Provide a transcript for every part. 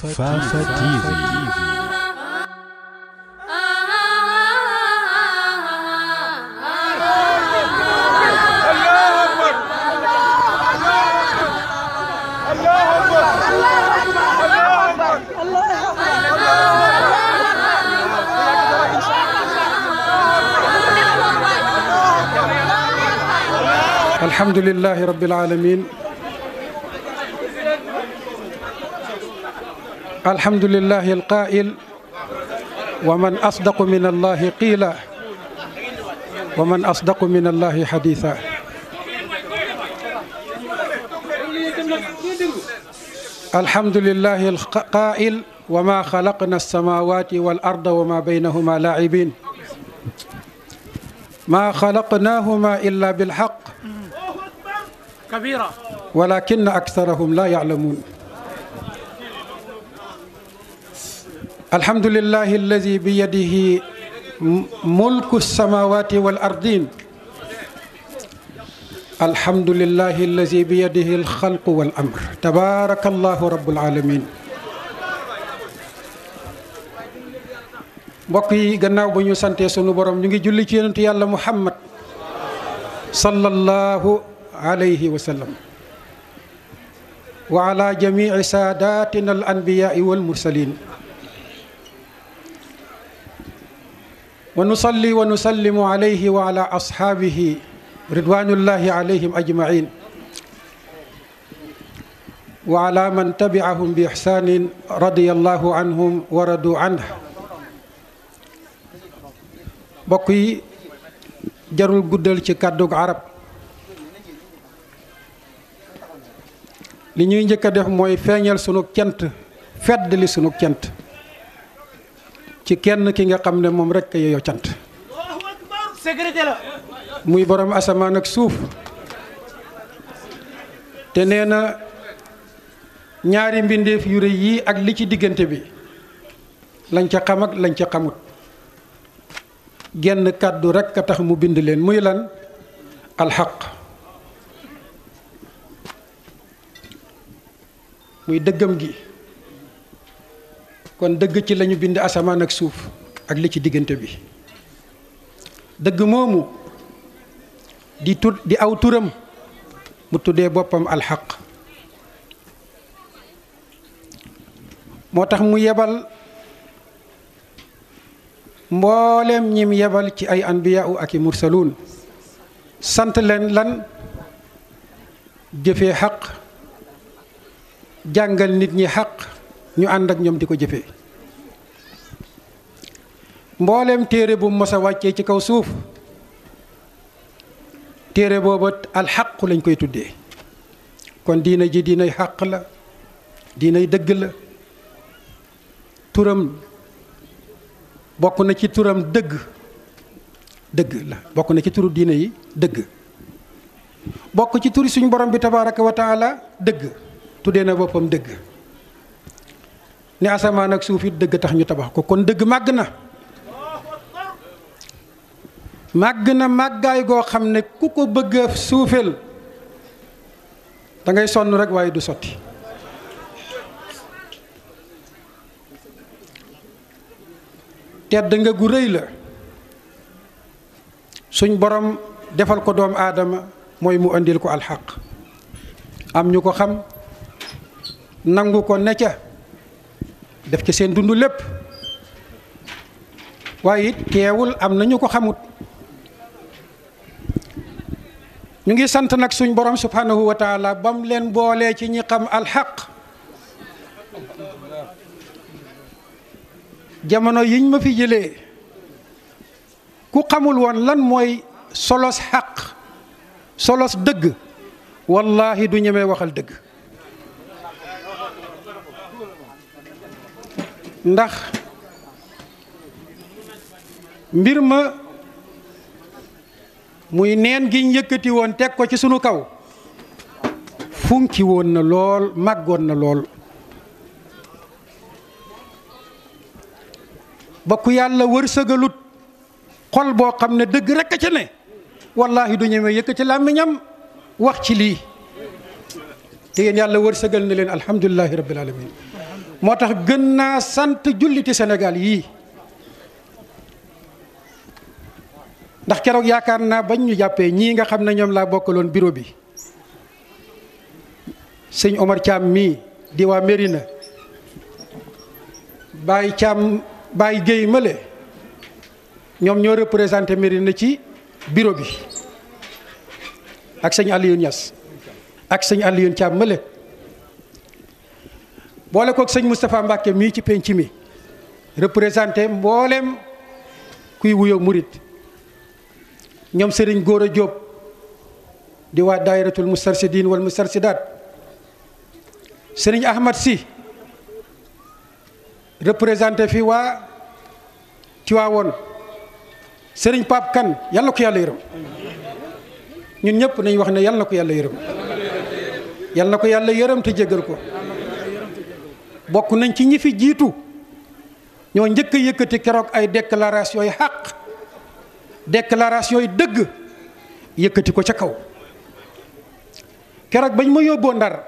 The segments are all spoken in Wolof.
Fafa TV. الحمد لله رب العالمين الحمد لله القائل ومن أصدق من الله قيلا ومن أصدق من الله حديثا الحمد لله القائل وما خلقنا السماوات والأرض وما بينهما لاعبين ما خلقناهما إلا بالحق كبيرة ولكن أكثرهم لا يعلمون الحمد لله الذي بيده ملك السماوات والأرضين الحمد لله الذي بيده الخلق والأمر تبارك الله رب العالمين mbokk yi gannaaw ba ñu santee sunu borom ñu ngi julli ci yonent yàlla muhammad sallallahu alayhi wa sallam wa ala jamii saadatina al anbiyaa wal mursalin wa nusalli wa nusallimu alayhi wa ala ashaabihi ridwanullahi alayhim ajmain wa ala man tabiahum bi ihsanin radiyallahu anhum wa radu anh mbokk yi jarul guddal ci kàddug arab li ñuy njëkk a def mooy feeñal sunu cant fedd li sunu cant ci kenn ki nga xam ne moom rekk a yeyoo muy borom asamaan ak suuf te nee na ñaari mbindeef yure rëy yii ak li ci diggante bi lañ ca xam lañ ca xamut genn kàddu rek a tax mu bind leen muy lan alxaq muy dëggam gi kon dëgg ci lañu bind asamaan ak suuf ak li ci diggante bi dëgg moomu di tur di aw turam mu tuddee boppam alxaq moo tax mu yebal mboolem ñim yebal ci ay anbiya u ak i mursaluun sant leen lan jëfee xaq jàngal nit ñi xaq ñu ànd ak ñoom di ko jëfe mbooleem téere bu mos a wàccee ci kaw suuf téere booba alxaq lañ koy tuddee kon diina ji diinay xàq la diinay dëgg la turam bokk na ci turam dëgg dëgg la bokk na ci turu diina yi dëgg bokk ci turi suñu borom bi tabaaraka wa dëgg tuddee na boppam dëgg ni asamaan ak suuf it dëgg tax ñu tabax ko kon dëgg màgg na màgg na màggaay goo xam ne ku ko bëgg suufeel dangay sonn rekk waaye du sotti tedd nga gu rëy la suñ borom defal ko doomu aadama mooy mu indil ko alxaq am ñu ko xam nangu ko ne ca def ci seen dund lépp waaye it teewul am na ñu ko xamut ñu ngi sant nag suñ borom subhanahu wa taala bam leen boolee ci ñi xam alxaq jamono yiñ ma fi jëlee ku xamul woon lan mooy solos xaq solos dëgg wallahi du ñeme waxal dëgg ndax mbir ma muy neen giñ yëkkati woon teg ko ci sunu kaw funki woon na lool màggoon na lool ba ku yàlla wërsëgalut xol boo xam ne dëgg rekk a ca ne wallaahi du ñeme yëkkati làmmiñam wax ci lii te yéen yàlla wërsëgal na leen alhamdulilahi rabbil alamin moo tax gën naa sant julliti Sénégal yii ndax keroog yaakaar naa bañ ñu jàppee ñii nga xam ne ñoom laa bokkaloon bureau bi sëñ Omar Thiam mii diwaa waa Mérina Baye Thiam Baye Guèye Male ñoom ñoo représenté Mérina ci bureau bi ak sëñ Alioune Niass ak sëñ Alioune Thiam Male boole kook sëñ Moustapha Mbacke mii ci penc mi représenté mbooleem kuy wuyoo murit ñoom sëriñ góor a Diop di waa daayiratul mustarsidin wal mustarsidaat sëriñ Ahmad si représenté fi waa Tiwaawoon sëriñ Pape Kane yàlla ko yàlla yërëm ñun ñëpp nañ wax ne yàlla na ko yàlla yërëm yàlla na ko yàlla yërëm te jégal ko bokk nañ ci ñi fi jiitu ñoo njëkk a yëkkati keroog ay déclaration yi xàq déclaration yi dëgg yëkkati ko ca kaw keroog bañ ma yóbboo ndar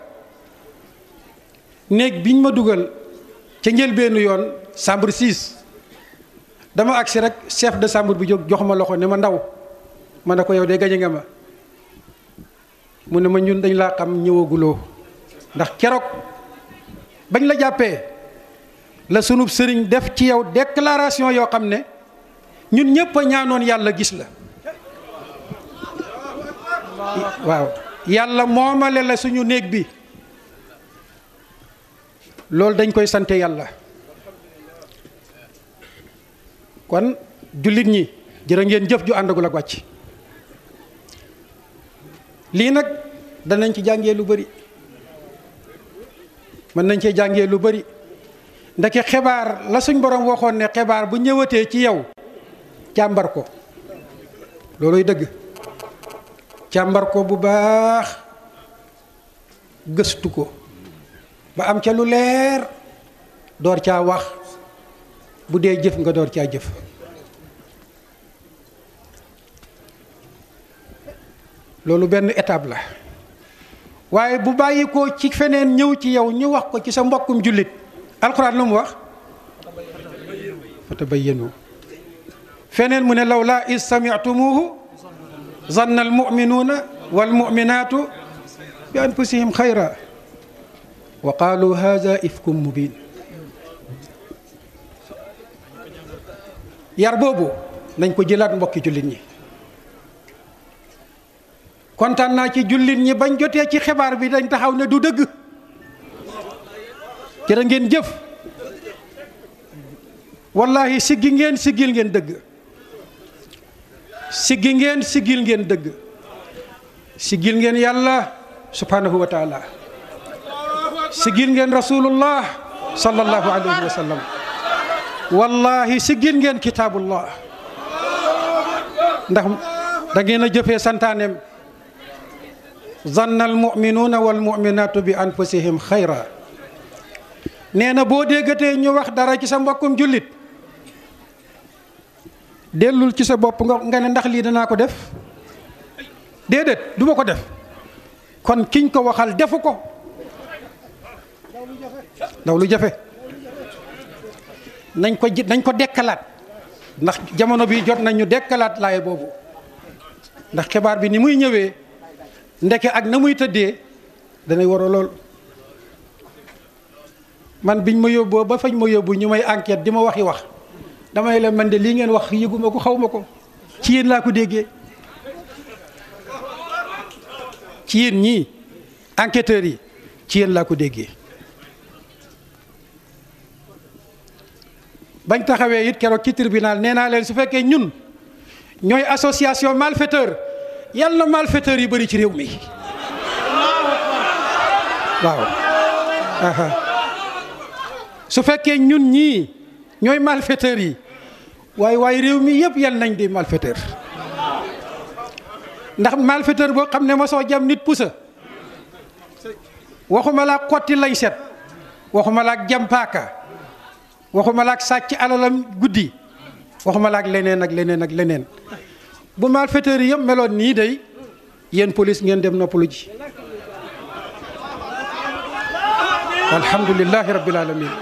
néeg biñ ma dugal ca njëlbeenu yoon chambre 6 dama agsi rek chef de chambre bi jóg jox ma loxo ne ma ndaw ma ne ko yow de gañe nga ma mu ne ma ñun dañ laa xam ñëwaguloo ndax keroog bañ la jàppee la sunub sëriñ def ci yow déclaration yoo xam ne ñun ñëpp ñaanoon yàlla gis la waaw yàlla moomale la suñu néeg bi loolu dañ koy sante yàlla kon jullit ñi jërë ngeen jëf ju àndagul ak wàcc lii nag danañ ci jàngee lu bari mën nañ cee jàngee lu bari ndeke xibaar la suñ borom waxoon ne xibaar bu ñëwatee ci yow càmbar ko looluy dëgg càmbar ko bu baax gëstu ko ba am ca lu leer door caa wax bu dee jëf nga door caa jëf loolu benn étape la waaye bu bàyyi ko ci feneen ñëw ci yow ñu wax ko ci sa mbokkum jullit alxuraan lu mu wax fatabayyanu feneen mu ne law la is sami'tumuuhu zanna almu'minuuna walmu'minaatu bi anfusihim xayra wa qaalu haada ifkum mubin yar boobu nañ ko jëlaat mbokki jullit ñi kontaan naa ci jullit ñi bañ jotee ci xibaar bi dañ taxaw ne du dëgg jërë ngeen jëf wallahi siggi ngeen siggil ngeen dëgg siggi ngeen siggil ngeen dëgg siggil ngeen yàlla subhanahu wa siggil ngeen rasulullah sallallahu alayhi wa sallam wallahi siggil ngeen kitaabullah ndax da ngeen a jëfee santaaneem zanna almuminuuna walmuminaatu bi anfusihim xayra nee na boo déggatee ñu wax dara ci sa mbokkum jullit dellul ci sa bopp nga ne ndax lii danaa ko def déedéet duma ko def kon kiñ ko waxal defu ko daw lu jafe nañ ko ji nañ ko dekkalaat ndax jamono bi jot nañ ñu dekkalaat laay boobu ndax xibaar bi ni muy ñëwee ndeke ak na muy tëddee danay waro lool man biñ ma yóbboo ba fañ ma yóbbu ñu may enquête di ma waxi wax damay leen man de lii ngeen wax yëguma ko xawma ko ci yéen laa ko déggee ci yéen ñii enquêteurs yi ci yéen laa ko déggee bañ taxawee it keroog ci tribunal nee naa leen su fekkee ñun ñooy association malfaiteur yal na malfaiteurs yi bari ci réew mi waaw su fekkee ñun ñii ñooy malfaiteurs yi waaye waaye réew mi yëpp yal nañ di malfaiteur ndax malfaiteur boo xam ne ma soo jam nit pusa waxuma laa kotti lay set waxuma laa jam paaka waxuma laa sàcc alalam guddi waxuma laa leneen ak leneen ak leneen bu malfaiteurs yi yëpp meloon nii day yéen police ngeen dem noppalu ji alhamdulilahi rabbil alamin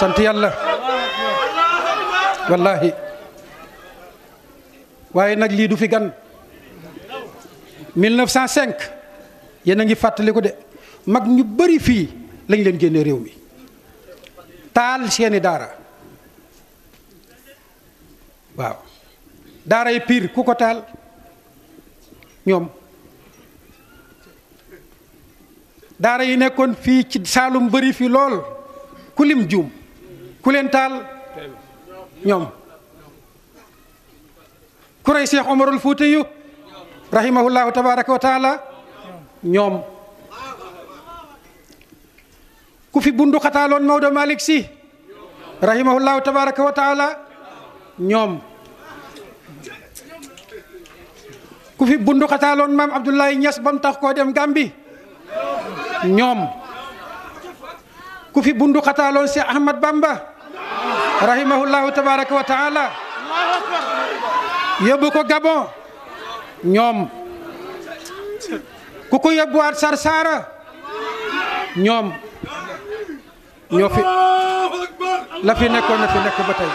sant yàlla wallahi waaye nag lii du fi gan 1905 yéen a ngi fàttaliku de mag ñu bari fii lañ leen génne réew mi taal seeni daara waaw daaray piir ku ko taal ñoom daara yi nekkoon fii ci saalum bëri fi lool ku lim juum ku leen taal ñoom ku rey Cheikh Omarul Fuutiyu rahimahullahu tabaraka wa taala ñoom ku fi bundu xataaloon Maodo si rahimahullahu tabaraka wa taala ñoom ku fi bundu xataaloon maam Abdoulaye Niass ba mu tax koo dem Gàmbi ñoom ku fi bundu xataaloon Cheikh Ahmad Bamba rahimahullahu tabaraka wa taala yóbbu ko Gabon ñoom ku ko yóbbuwaat Sarsara ñoom ñoo fi la fi nekkoon fi nekk ba tey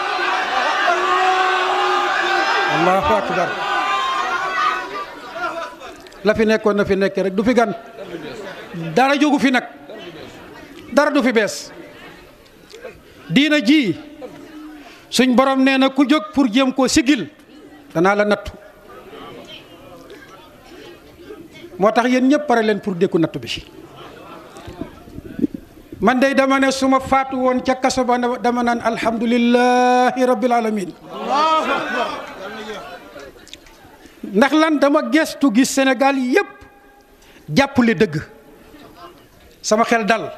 allahu akbar la fi nekkoon na fi nekk rek du fi gan dara jógu fi nag dara du fi bees diina ji suñ borom nee na ku jóg pour jéem koo sigil danaa la nattu moo tax yéen ñëpp pare leen pour dékku nattu bi man dey dama ne su ma faatu woon ca kaso ba dama naan alhamdulillahi rabbil alamin ndax lan dama gestu gis Sénégal yépp jàppale dëgg sama xel dal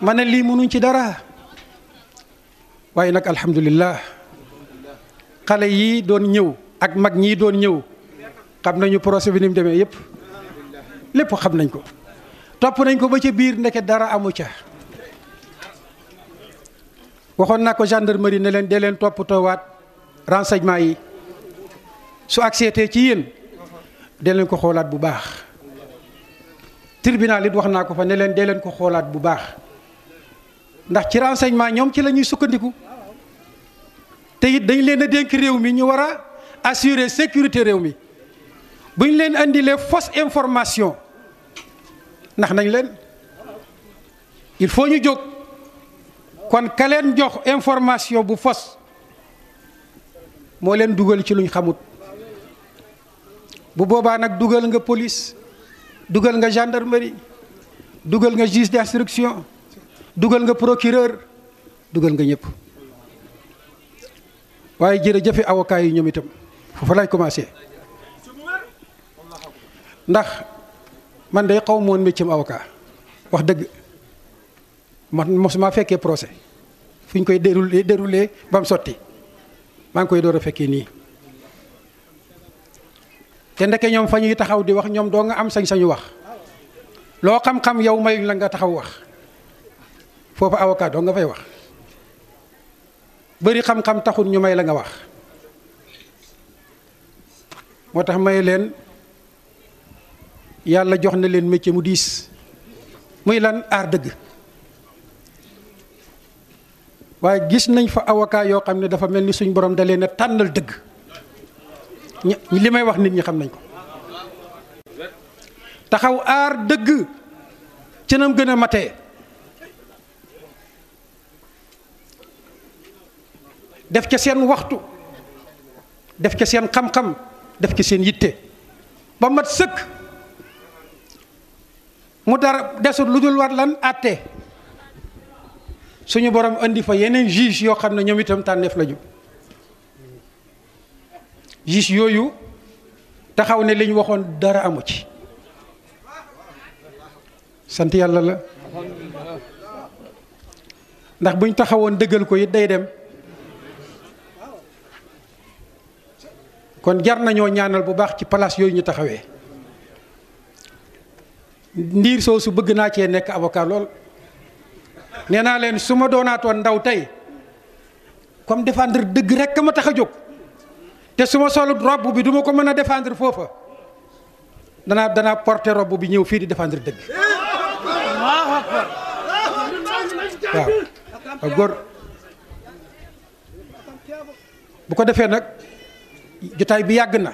ma ne lii mënuñ ci dara waaye nag alhamdulillah xale yii doon ñëw ak mag ñii doon ñëw xam nañu procès bi ni demee yépp lépp xam nañ ko topp nañ ko ba ca biir ndeke dara amu ca waxoon naa ko gendarmerie ne leen dee leen toppatoowaat renseignement yi su accepté ci yéen dee leen ko xoolaat bu baax tribunal it wax naa ko fa ne leen dee leen ko xoolaat bu baax ndax ci renseignement ñoom ci lañuy sukkandiku te it dañ leen a dénk réew mi ñu war a assurer sécurité réew mi bu ñu leen indilee fausse information ndax nañ leen il faut ñu jóg kon ka leen jox information bu fausse moo leen dugal ci luñ xamut. bu boobaa nag dugal nga police dugal nga gendarmerie dugal nga juge d'instruction dugal nga procureur dugal nga ñëpp waaye jërëjëfe avocat yi ñoom itam foofu laay commencé ndax man day xaw moon métier avocat wax dëgg man mosuma fekkee procès fu ñu koy déroulé déroulé ba mu sotti maa ngi koy door a fekkee nii te ndeke ñoom fa ñuy taxaw di wax ñoom doo nga am sañ-sañu wax loo xam-xam yow mayuñ la nga taxaw wax foofu avocat doo nga fay wax bëri xam-xam taxul ñu may la nga wax moo tax may leen yàlla jox na leen métier mu diis muy lan aar dëgg waaye gis nañ fa avocat yoo xam ne dafa mel ni suñ borom da leen a tànnal dëgg li may wax nit ñi xam nañ ko taxaw aar dëgg ci nam gën a matee def ca seen waxtu def ca seen xam-xam def ci seen yitte ba mat sëkk mu dara desut lu dul war lan àtte suñu borom indi fa yeneen juge yoo xam ne ñoom itam tànneef la ñu gis yooyu taxaw ne liñ waxoon dara amu ci sant yàlla la ndax buñ taxawoon dëggal ko it day dem kon jar nañoo ñaanal bu baax ci place yooyu ñu taxawee ndiir soo su bëgg naa cee nekk avocat lool nee naa leen su ma doonaatoon ndaw tey comme défendre dëgg rek ma tax a jóg te su ma sol robb bi duma ko mën a défendre foofa danaa danaa porter robb bi ñëw fii di défendre dëgg waaw waaw bu ko defee nag jotaay bi yàgg na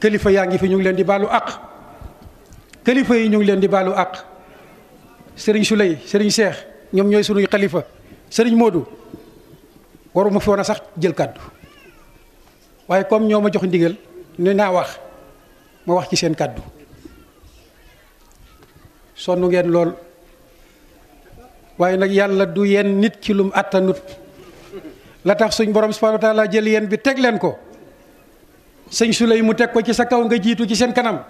kilifa yaa ngi fi ñu ngi leen di baalu àq kilifa yi ñu ngi leen di baalu àq sëriñ Souley sëriñ Cheikh ñoom ñooy sunuy xalifa sëriñ Modou waruma fi woon a sax jël kàddu waaye comme ñoo ma jox ndigal ne naa wax ma wax ci seen kàddu sonn ngeen lool waaye nag yàlla du yenn nit ci lum attanut la tax suñ borom subhanahu wa taala jël yeen bi teg leen ko sëñ Suley mu teg ko ci sa kaw nga jiitu ci seen kanam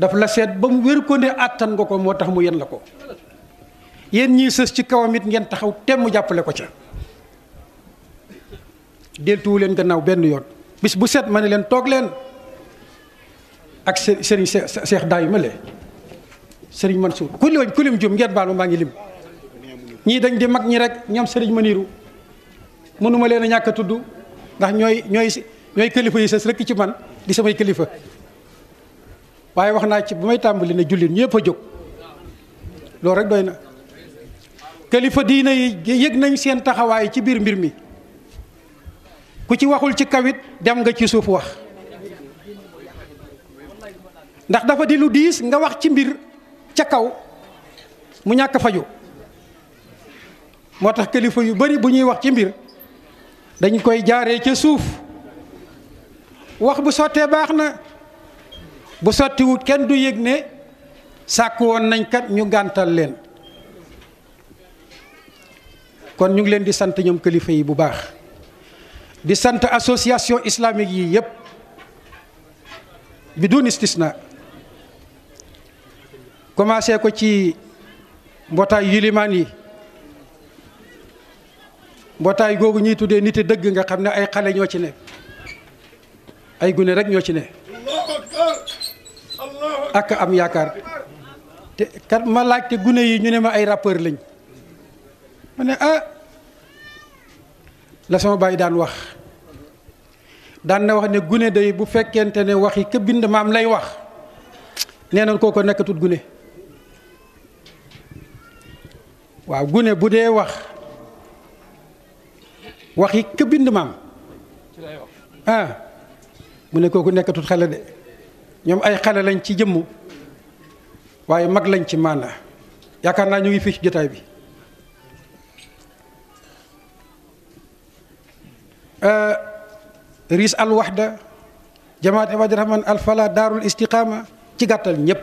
daf la seet ba mu wér ko ne àttan nga ko moo tax mu yen la ko yéen ñii sës ci kawam it ngeen taxaw temm jàppale ko ca deltuwu leen gannaaw benn yoon bis bu set ma ne leen toog leen ak sëriñ seex daayu ma lee sëriñ man ku lim ku jum ngeen baal maa ngi lim ñii dañ di mag ñi rek ñoom sëriñ Maniru mënuma leen a ñàkk a tudd ndax ñooy ñooy ñooy kilifa yi sës rek ci man di samay kilifa waaye wax naa ci bu may tàmbali ne jullit ñëpp a jóg loolu rek doy na kilifa diina yi yëg nañ seen taxawaay ci biir mbir mi ku ci waxul ci kawit dem nga ci suuf wax ndax dafa di lu diis nga wax ci mbir ca kaw mu ñàkk faju moo tax kilifa yu bari bu ñuy wax ci mbir dañ koy jaaree ca suuf wax bu sottee baax na bu sottiwut kenn du yëg ne sàkk woon nañ kat ñu gàntal leen kon ñu ngi leen di sant ñoom kilifa yi bu baax di sant association islamique yi yëpp bi dun istisna commencé ko ci mbootaay yilimaan yi mbootaay googu ñuy tuddee nit dëgg nga xam ne ay xale ñoo ci ne ay gune rek ñoo ci ne ak am yaakaar te kat ma laajte gune yi ñu ne ma ay rappeur lañ ma ne ah la sama bàyyi daan wax daan wax ne gune day bu fekkente ne waxi ka bind maam lay wax nee na ko nekkatut gune waaw gune bu dee wax waxi ka bind maam ah mu ne kooku nekkatut xale de ñoom ay xale lañ ci jëmm waaye mag lañ ci maana yaakaar naa ñu ngi fii ci jotaay bi euh, riis al waxda jamaat ibaadi rahman al fala daarul istiqaama ci gàttal ñëpp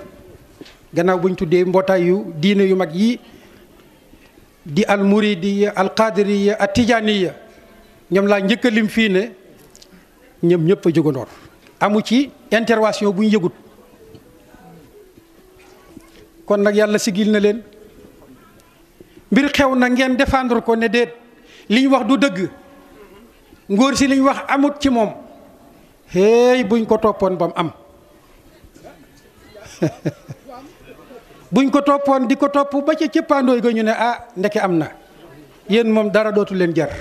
gannaaw buñ tuddee mbootaay yu diine yu mag yi di al muridiya al qadiriya ñoom laa njëkk lim fii ne ñoom ñëpp a jógandoor amu ci intervention bu ñu yëgut kon nag yàlla sigil na leen mbir xew na ngeen défendre ko ne déet liñ wax du dëgg ngóor si liñ wax amut ci moom héey buñ ko toppoon ba am buñ ko toppoon di ko topp ba ca cëppaandooy ga ñu ne ah ndeke am na yéen moom dara dootu leen jar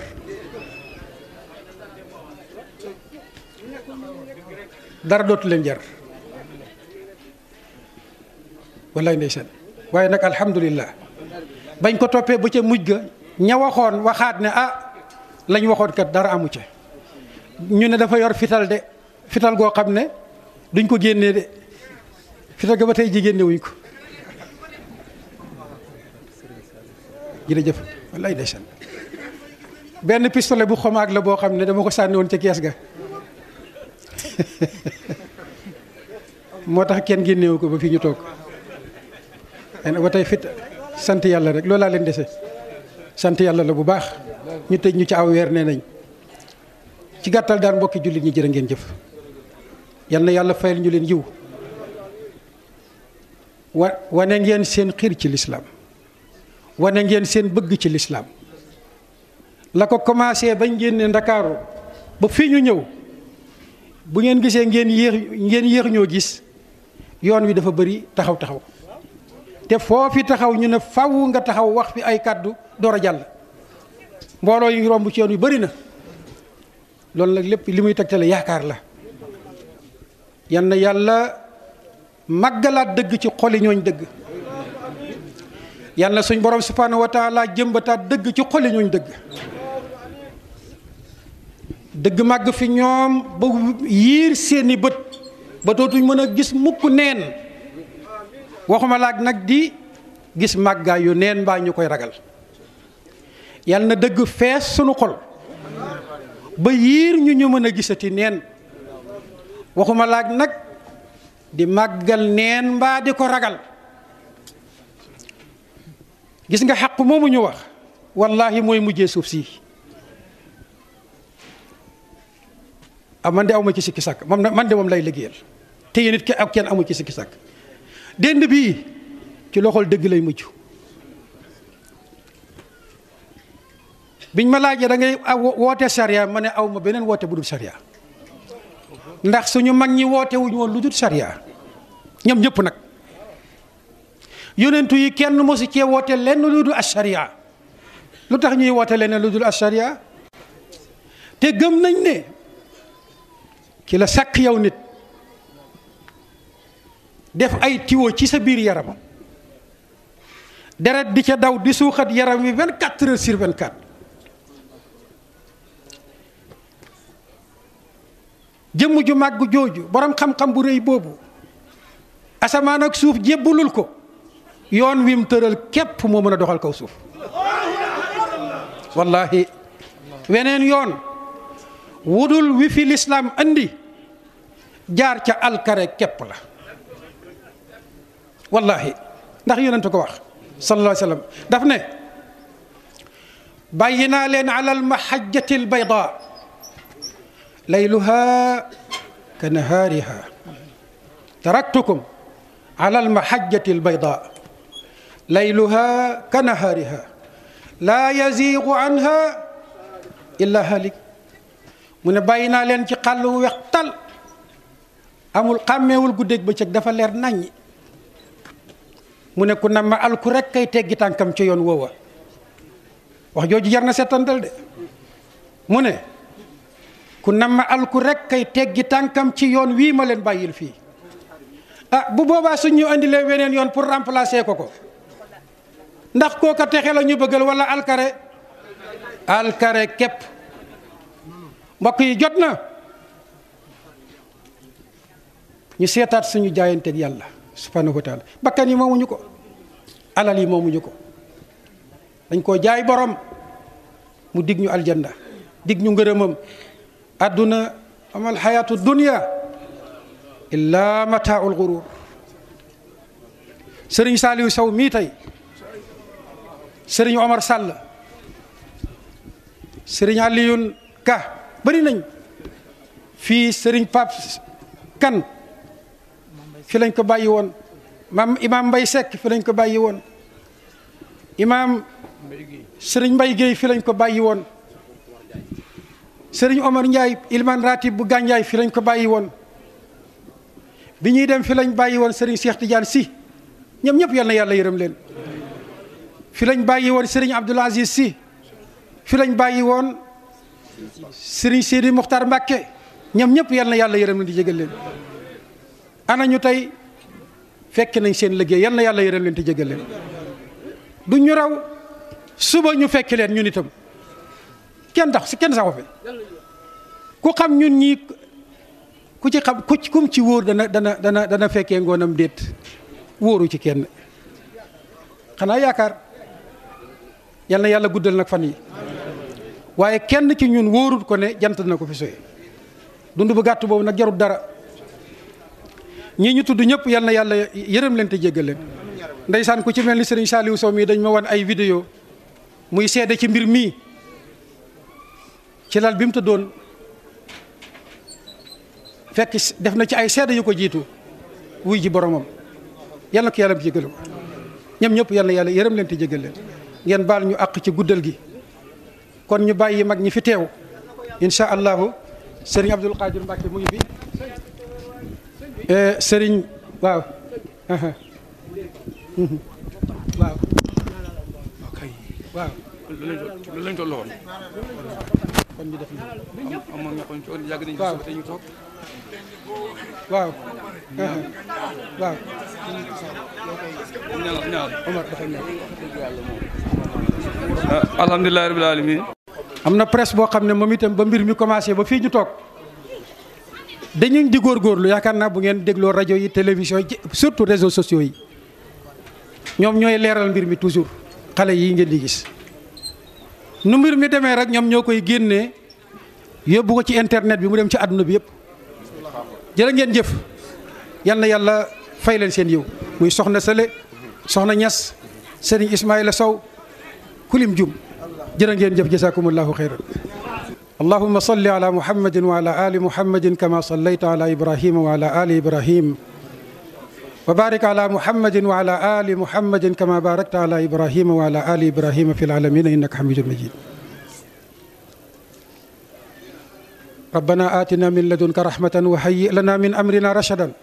dara dootu leen jar wallaay ndeysaan waaye nag alhamdulillah bañ ko toppee ba ca mujj ga ña waxoon waxaat ne ah lañ waxoon kat dara amu ca ñu ne dafa yor fital de fital goo xam ne duñ ko génnee de fital ga ba tey ji génne wuñ ko jërëjëf wallaay ndeysaan benn pistolet bu xomaag la boo xam ne dama ko sànni woon ca gees ga moo tax kenn génnewu ko ba fii ñu toog ba tey fit sant yàlla rek loolaa leen dese sant yàlla la bu baax ñu tëj ñu ci aw weer nee nañ ci gàttal daan mbokki jullit ñi jërë ngeen jëf yal na yàlla fayal ñu leen yiw wa wane ngeen seen xiir ci lislaam wane ngeen seen bëgg ci lislaam la ko commencé ba génne ndakaaru ba fii ñu ñëw bu ngeen gisee ngeen yéex ngeen yéex ñoo gis yoon wi dafa bëri taxaw taxaw te foofi taxaw ñu ne faw nga taxaw wax fi ay kàddu door a jàll mbooloo yu romb ci yoon yu bari na loolu nag lépp li muy tegtale yaakaar la yan na yàlla màggalaat dëgg ci xoli ñooñ dëgg yal na suñ borom subhaanahu wa taala jëmbataat dëgg ci xoli ñooñ dëgg dëgg màgg fi ñoom ba yiir seeni bët ba mën a gis mukk neen waxuma laag nag di gis màggaay yu neen mbaa ñu koy ragal yal na dëgg fees sunu xol ba yiir ñu ñu mën a gisati neen waxuma laaj nag di màggal neen mbaa di ko ragal gis nga xàq moomu ñu wax wallahi mooy mujjee suuf si am ah, man de amu ma ci sikki sàkk moom man de moom lay liggéeyal te yéen it ak kenn amu ci sikki sàkk dénd bii ci loxol dëgg lay mujj biñ ma laajee da ngay woote charia ma ne awma beneen woote bu dul charia ndax suñu mag ñi woote wuñu woon lu dul charia ñoom ñëpp nag yonentu yi kenn mosu cee woote lenn lu dul asharia lu tax ñuy woote lenn lu dul asharia te gëm nañ ne ki la sàkk yow nit def ay tiwo ci sa biir yaram deret di ca daw di suuxat yaram wi 24 heures sur 24 jëmm ju màgg jooju borom xam-xam bu rëy boobu asamaan ak suuf jébbalul ko yoon wi mu tëral képp moo mën a doxal kaw suuf wallahi weneen yoon wudul wi fi lislaam andi jaar ca alkare képp la wallahi ndax yonent ko wax sallallahu alayhi wa daf ne bàyyi naa leen alal mahajjati albayda ليلها كنهارها تركتكم على المحجة البيضاء ليلها كنهارها لا يزيغ عنها إلا هالك mu ne bàyyi naa leen ci xàll wu amul tal amul xàmmeewul guddeeg bëccëg dafa leer naññi mu ne ku na ma alku kay teggi tànkam ci yoon woowa wax jooju jar na de mu ne ku nam ma alku rek kay teggi tànkam ci yoon wii ma leen bàyyil fii ah bu boobaa suñu ñu weneen yoon pour remplacer ko ko ndax kooka texe la ñu bëggal wala alkare alkare képp mbokk yi jot na ñu seetaat suñu jaayanteeg yàlla subhanahu wa bakkan yi moomuñu ko alal yi moomuñu ko dañ koo jaay boroom mu dig ñu aljanna dig ñu ngërëmam adduna amal xayaatu dunia illa mataaul gurur sëriñ Saaliyu Sow mii tey sëriñ Omar Sall sëriñ Aliyun Ka bëri nañ fii sëriñ Pape Kan fi ko bàyyi woon maam imaam Mbay Sekk fi ko bàyyi woon imaam sëriñ Mbay Géey fi lañ ko bàyyi woon Serigne Omar Ndiaye ilman ratib bu gànjaay fi lañ ko bàyyi woon bi ñuy dem fi lañ bàyyi woon Serigne Cheikh Tidiane si ñoom ñëpp yal na yàlla yërëm leen fi lañ bàyyi woon Serigne Abdoul Aziz si fi lañ bàyyi woon Serigne Sidi Muxtar Mbacke ñoom ñëpp yal yàlla yërëm leen di jégal leen ana ñu tey fekk nañ seen liggéey yal na yàlla yërëm leen di jégal leen du ñu raw suba ñu fekk leen ñun itam. kenn tax si kenn saxu fi ku xam ñun ñii ku ci xam ku kum ci wóor dana dana dana dana fekkee ngoonam déet wóoru ci kenn xanaa yaakaar yal na yàlla guddal nag fan yi waaye kenn ci ñun wóorut ko ne jant na ko fi soy dund bu gàtt boobu nag jarut dara ñii ñu tudd ñëpp yal na yàlla yërëm leen te jéggal leen ndeysaan ku ci mel ni Serigne Saliou Sow mii dañ ma wan ay vidéo muy seede ci mbir mii ci lal bi mu tëddoon fekk def na ci ay seede yu ko jiitu wuy ji boromam yàlla ko yàlla mu jégal ko ñoom ñëpp yàlla yàlla yërëm leen te jégal leen ngeen baal ñu àq ci guddal gi kon ñu bàyyi mag ñi fi teew incha allahu sëriñ Abdul Qadir Mbacke mu ngi fi eh, sëriñ waaw mhm. waaw waaw. kon ñu def nii. ñu toog. waaw. waaw. ñaar ñaar ah, alamin am na presse boo xam ne moom itam ba mbir mi commencé ba fii ñu toog dañu di góor góorgóorlu yaakaar naa bu ngeen dégloo rajo yi télévision yi surtout réseaux sociaux yi ñoom ñooy leeral mbir mi toujours xale yi ngeen di gis. nu mbir mi demee rek ñoom ñoo koy génne yóbbu ko ci internet bi mu dem ci àdduna bi yëpp jërë ngeen jëf yal yàlla fay leen seen yiw muy soxna Sële soxna Ñas sëriñ Ismaïla Sow kulim jum jërë ngeen jëf jasakumullahu xayran allahuma salli ala muhammadin wa ala ali muhammadin kama sallayta ala ibrahima wa ala ali ibrahim wa barik ala muhammadin wa ala ali muhammadin kama barakta ala ibrahima wa ala ali ibrahima fi lalamina innaka hamidun majid rabbana atina min ladunka rahmatan wa hayyi lana min amrina rashadan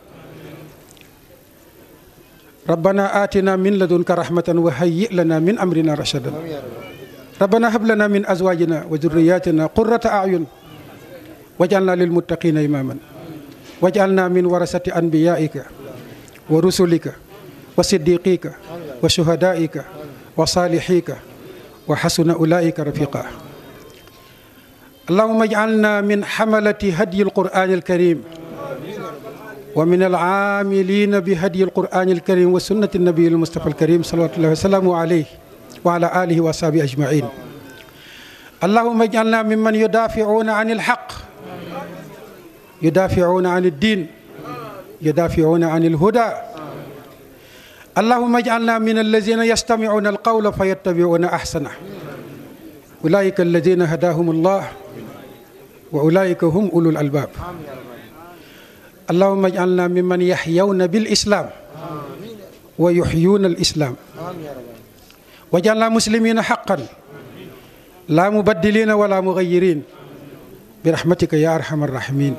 rabbana atina min ladunka rahmatan wa hayyi lana min amrina rashadan rabbana hab lana min azwajina wa zurriyatina qurrata ayun waj'alna lil muttaqina imaman waj'alna min warasati anbiyaika wa rusulika wa siddiqika wa shuhadaika wa salihika wa xasuna ulaika rafiqa allahuma ijcalna min xamalati hadyi alqur'ani alkarim wa min alaamilina bi hadyi alqur'ani alkarim wa sunnati nabiyi almustafa alkarim salawatullahi wasalaamu alayhi wa ala alihi wa ashabihi ajmain allahuma ijcalna mimman yudaficuuna an alxaq yudaficuuna an addin يدافعون عن الهدى اللهم اجعلنا من الذين يستمعون القول فيتبعون أحسنه أولئك الذين هداهم الله وأولئك هم أولو الألباب اللهم اجعلنا ممن يحيون بالإسلام ويحيون الإسلام واجعلنا مسلمين حقا لا مبدلين ولا مغيرين برحمتك يا أرحم الراحمين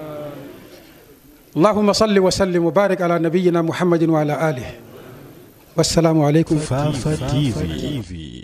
allahuma salli wa sallim wa barik ala nabiyina muhammadin wa ala alihi wassalaamu aleykum Fafa TV